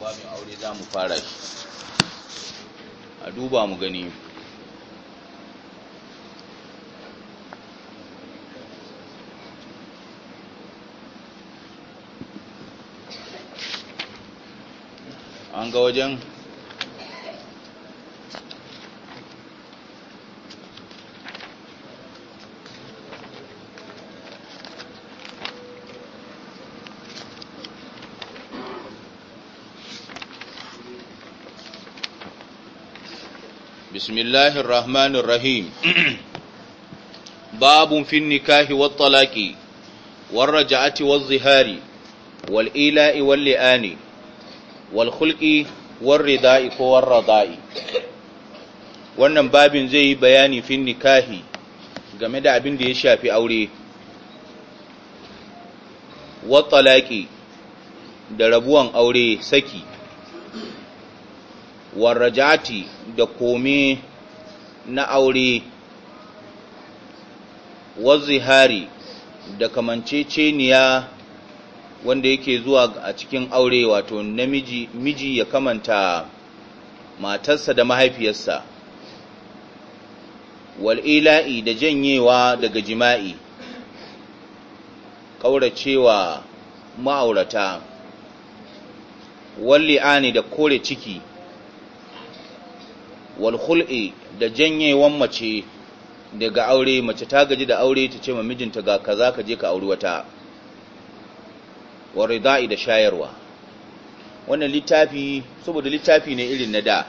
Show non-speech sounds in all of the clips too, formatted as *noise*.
babin aure za mu fara shi a duba mu gani an ga wajen بسم الله الرحمن الرحيم باب في النكاح والطلاق والرجعة والظهار والإيلاء واللئان والخلق والرداء والرضاء wannan babin zai yi bayani fin nikahi game da abin da ya shafi aure wa talaki da rabuwan aure saki warrajati da kome na aure wazihari da kamanceceniya wanda yake zuwa a cikin aure wato namiji miji ya kamanta matarsa da mahaifiyarsa wal'ila'i da janyewa daga jima'i ƙauracewa ma'aurata walli'ani da kore ciki wal da janyewan mace daga aure mace ta gaji da aure ta ce ma mijinta ga kaza ka je ka auri wata wa rida'i da shayarwa wannan littafi saboda littafi ne irin na da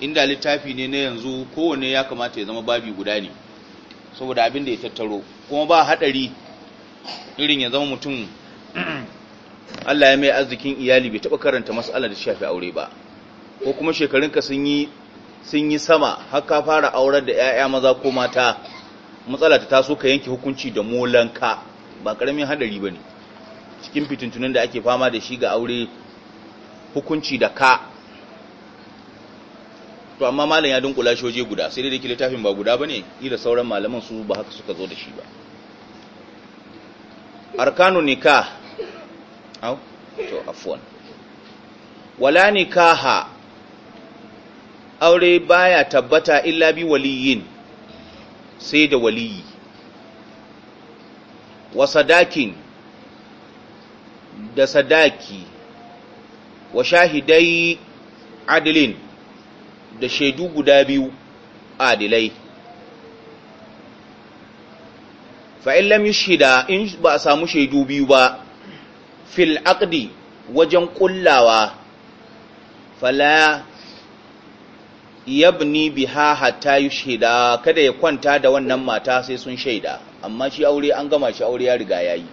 inda littafi ne na yanzu kowanne ya kamata ya zama babi guda ne saboda abin da ya tattaro kuma ba hadari irin ya zama mutum *clears throat* Allah ya mai arzikin iyali bai taɓa karanta mas'alar da shafi aure ba ko kuma shekarunka sun yi sun yi sama har ka fara aurar da 'ya'ya maza ko mata matsala ta taso ka yanke hukunci da molanka ba karamin hadari ba ne cikin fitintunan da ake fama da shi ga aure hukunci da ka to amma malam ya dunkula waje guda sai dai da ke littafin ba guda ba ne da sauran malaman su ba haka suka zo da shi ba arkanu nikah au to afwan wala nikaha aure baya tabbata illa bi waliyin sai da waliyi wa sadakin da sadaki wa shahidai adilin da shaidu guda biyu adilai fa'in lam yushida in ba a samu shaidu biyu ba fil aqdi wajen kullawa fala yabni biha hatta yushhida kada ya kwanta da wannan mata sai sun shaida amma shi aure an gama shi aure ya riga yayi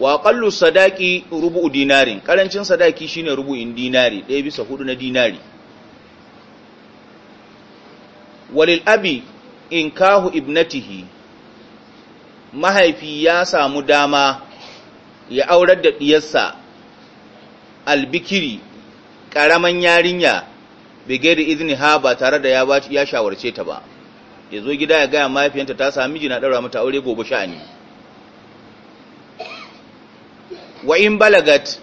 wa qallu sadaqi rubu'u dinarin karancin sadaki shine rubu'in dinari ɗaya bisa hudu na dinari walil abi in kahu ibnatihi mahaifi ya samu dama ya aurar da diyarsa albikiri ƙaraman yarinya bige da izini ha ba tare da ya ya shawarce ta ba ya zo gida ya gaya mahaifiyanta ta sami miji na ɗaura mata aure gobe sha'ani wa in balagat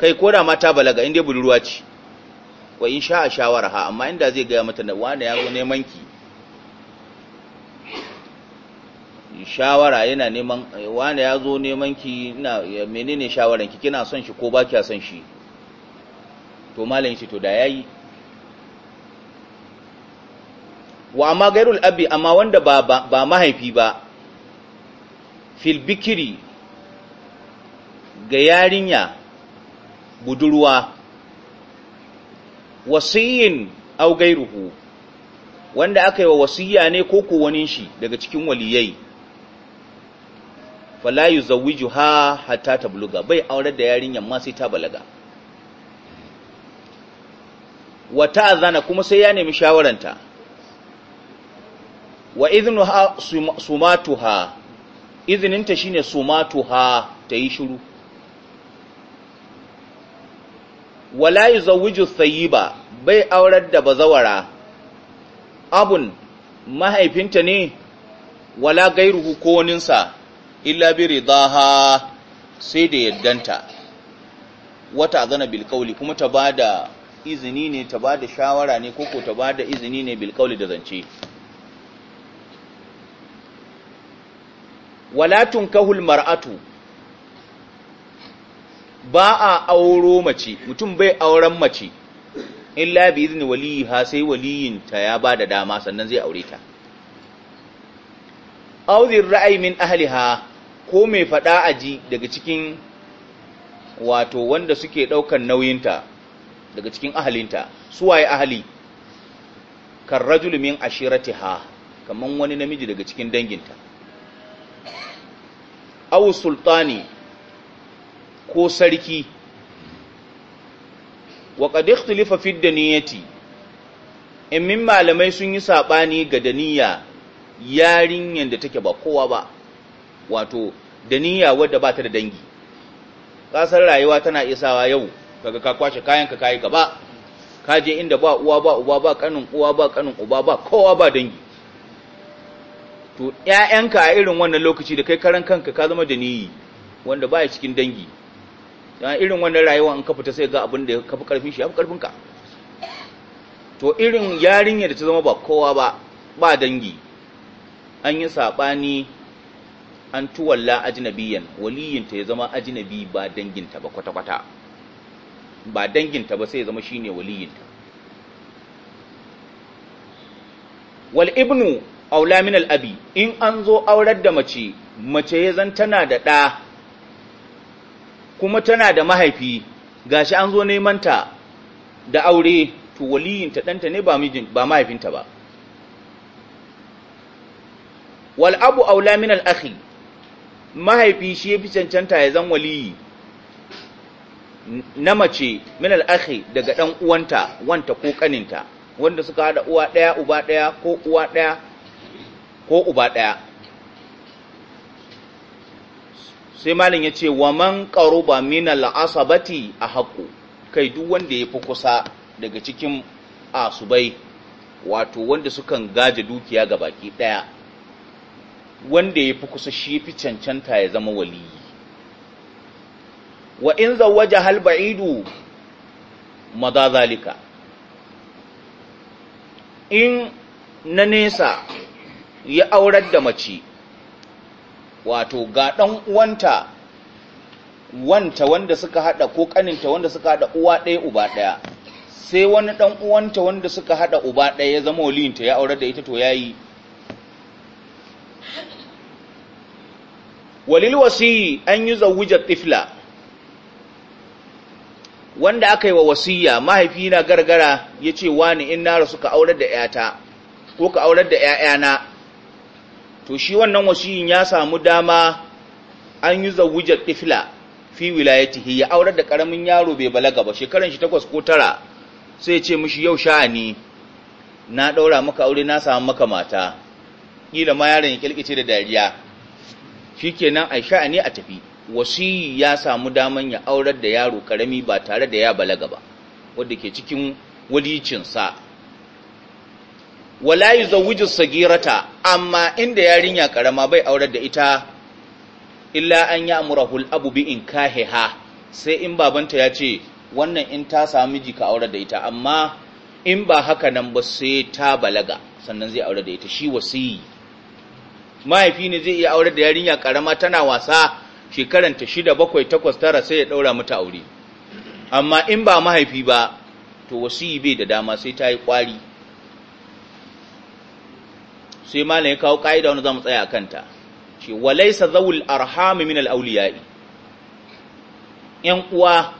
kai ko da mata balaga inda budurwa ce wa in sha a shawara ha amma inda zai gaya mata da wani ya zo neman ki shawara yana neman wani ya zo neman ki menene shawaran ki kina son shi ko ba kya son shi to malam shi to da yayi wa amma gairul abi amma wanda ba ba mahaifi ba fil bikiri ga yarinya budurwa wasiyin au gairuhu wanda aka yi wa wasiya ne ko ko shi daga cikin waliyai fala yuzawwijuha hatta tabluga bai aurar da yarinyar ma sai ta balaga wa ta'zana kuma sai ya nemi shawaranta wa idnuha sumatuha izininta shine sumatuha ta yi shiru wala yuzawwiju thayyiba bai aurar da bazawara abun mahaifinta ne wala gairuhu ko sa, illa bi ridaha sai da yaddanta wata azana bil qawli kuma ta bada izini ne ta bada shawara ne koko ta bada izini ne bil da zance wala kahul mar'atu ba a auro mace mutum bai auren mace illa bi izni ha sai waliyinta ya bada dama sannan zai aure ta auzir ra'ayi min ahliha ko mai fada aji daga cikin wato wanda suke daukan nauyinta daga cikin ahalinta su ahali kan rajul min ashiratiha kaman wani namiji daga cikin danginta aw sultani ko sarki wa qad ikhtalafa fi daniyati in min malamai sun yi sabani ga daniya yarinyar da take ba kowa ba wato daniya wadda ba ta da dangi kasar rayuwa tana isawa yau kaga ka kwashe kayan ka kai gaba ka je inda ba uwa ba uba ba kanin uwa ba kanin uba ba kowa ba dangi to ƴaƴanka a irin wannan lokaci da kai karan kanka ka zama da niyi wanda baya cikin dangi dan irin wannan rayuwa an ka fita sai ga abin da ka fi karfin shi ya fi karfin ka to irin yarinya da ta zama ba kowa ba ba dangi an yi sabani an tuwalla ajnabiyan waliyinta ya zama ajnabi ba danginta ba kwata-kwata ba danginta ba sai ya zama shine waliyinta wal ibnu aula min al’abi in an zo aurar da mace mace ya zan tana da ɗa kuma tana da mahaifi gashi an zo neman da aure to waliyinta ɗanta ne ba mahaifinta ba wal abu aula min al mahaifi shi ya fi cancanta ya zan waliyi na mace min al'akhi daga ɗan uwanta wanta ko ƙaninta wanda suka haɗa uwa ɗaya uba ɗaya ko uwa ɗaya ko uba ɗaya sai malin ya ce wa man ƙaruba min al'asabati a haƙo kai duk wanda ya fi kusa daga cikin asubai wato wanda sukan gaje dukiya ga baki ɗaya wanda ya fi kusa shi fi cancanta ya zama waliyi wa in zawaja hal ba'idu maza zalika in na nesa ya aurar da mace wato ga ɗan uwanta wanta wanda suka haɗa ko ƙaninta wanda suka haɗa uwa ɗaya uba ɗaya sai wani ɗan uwanta wanda suka haɗa uba ɗaya ya zama waliyinta ya aurar da ita to yayi walil wasi an yi zawujar tifla wanda aka yi wa wasiya mahaifi na gargara ya ce wani in na rasu ka aurar da ‘yata ko ka aurar da ‘ya'yana to shi wannan wasiyin ya samu dama an yi zawujar ɗifila fi wilayatihi ya aurar da ƙaramin yaro bai balaga ba shekaran shi takwas ko tara sai ce mishi yau sha'ani na ɗaura maka aure na samu maka mata ƙila ma yaron ya ƙilƙice da dariya shi kenan a sha'ani a tafi wasiyi ya samu daman ya aurar da yaro karami ba tare da ya balaga ba wanda ke cikin walicinsa wala yuzawwiju sagirata amma inda yarinya karama bai aurar da ita illa an yi al-abu bi inkahiha sai in babanta ya ce wannan in ta samu miji ka aurar da ita amma in ba haka nan ba sai ta balaga sannan zai aurar da ita shi wasiyi mahaifi ne zai iya aurar da yarinya karama tana wasa shekaranta shida bakwai takwas tara sai ya ɗaura mata aure amma in ba mahaifi ba to wasiyi bai da dama sai ta yi ƙwari sai malam ya kawo ƙa'ida wani za mu tsaya a kanta ce walaisa zawul arhami minal al'auliyai ‘yan uwa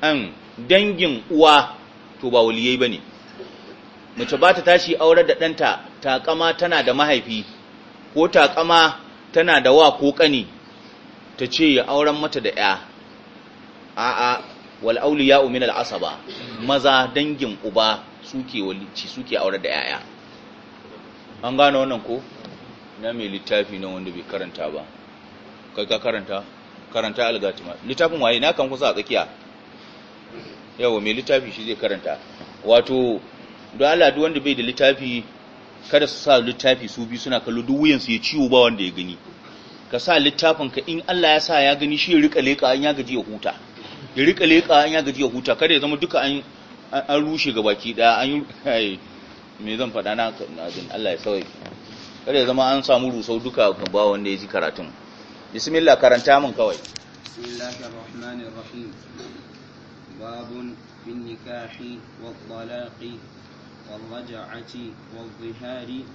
an dangin uwa to ba waliyai ba ne mace ba ta tashi aurar da ɗanta taƙama tana da mahaifi ko taƙama tana da wa ko ƙani ta ce ya auren mata da ya a'a wal ya umina al maza dangin uba suke walici suke aure da yaya an gane wannan ko na mai littafi na wanda bai karanta ba kai ka karanta karanta algatima littafin waye na kan kusa a tsakiya yawa mai littafi shi zai karanta wato don Allah duk wanda bai da littafi kada su sa littafi su bi suna kallo duk wuyan su ya ciwo ba wanda ya gani ka sa littafin ka in Allah ya sa ya gani shi ya rika leka an ya gaji ya huta ya rika leka an ya gaji ya huta kada ya zama duka an an rushe ga baki daya an yi me zan faɗa na Allah ya sauke kada ya zama an samu rusau duka ba wanda ya ji karatun bismillah karanta mun kawai bismillahir rahmanir rahim babun fi nikahi wa talaqi wal raj'ati wal zihari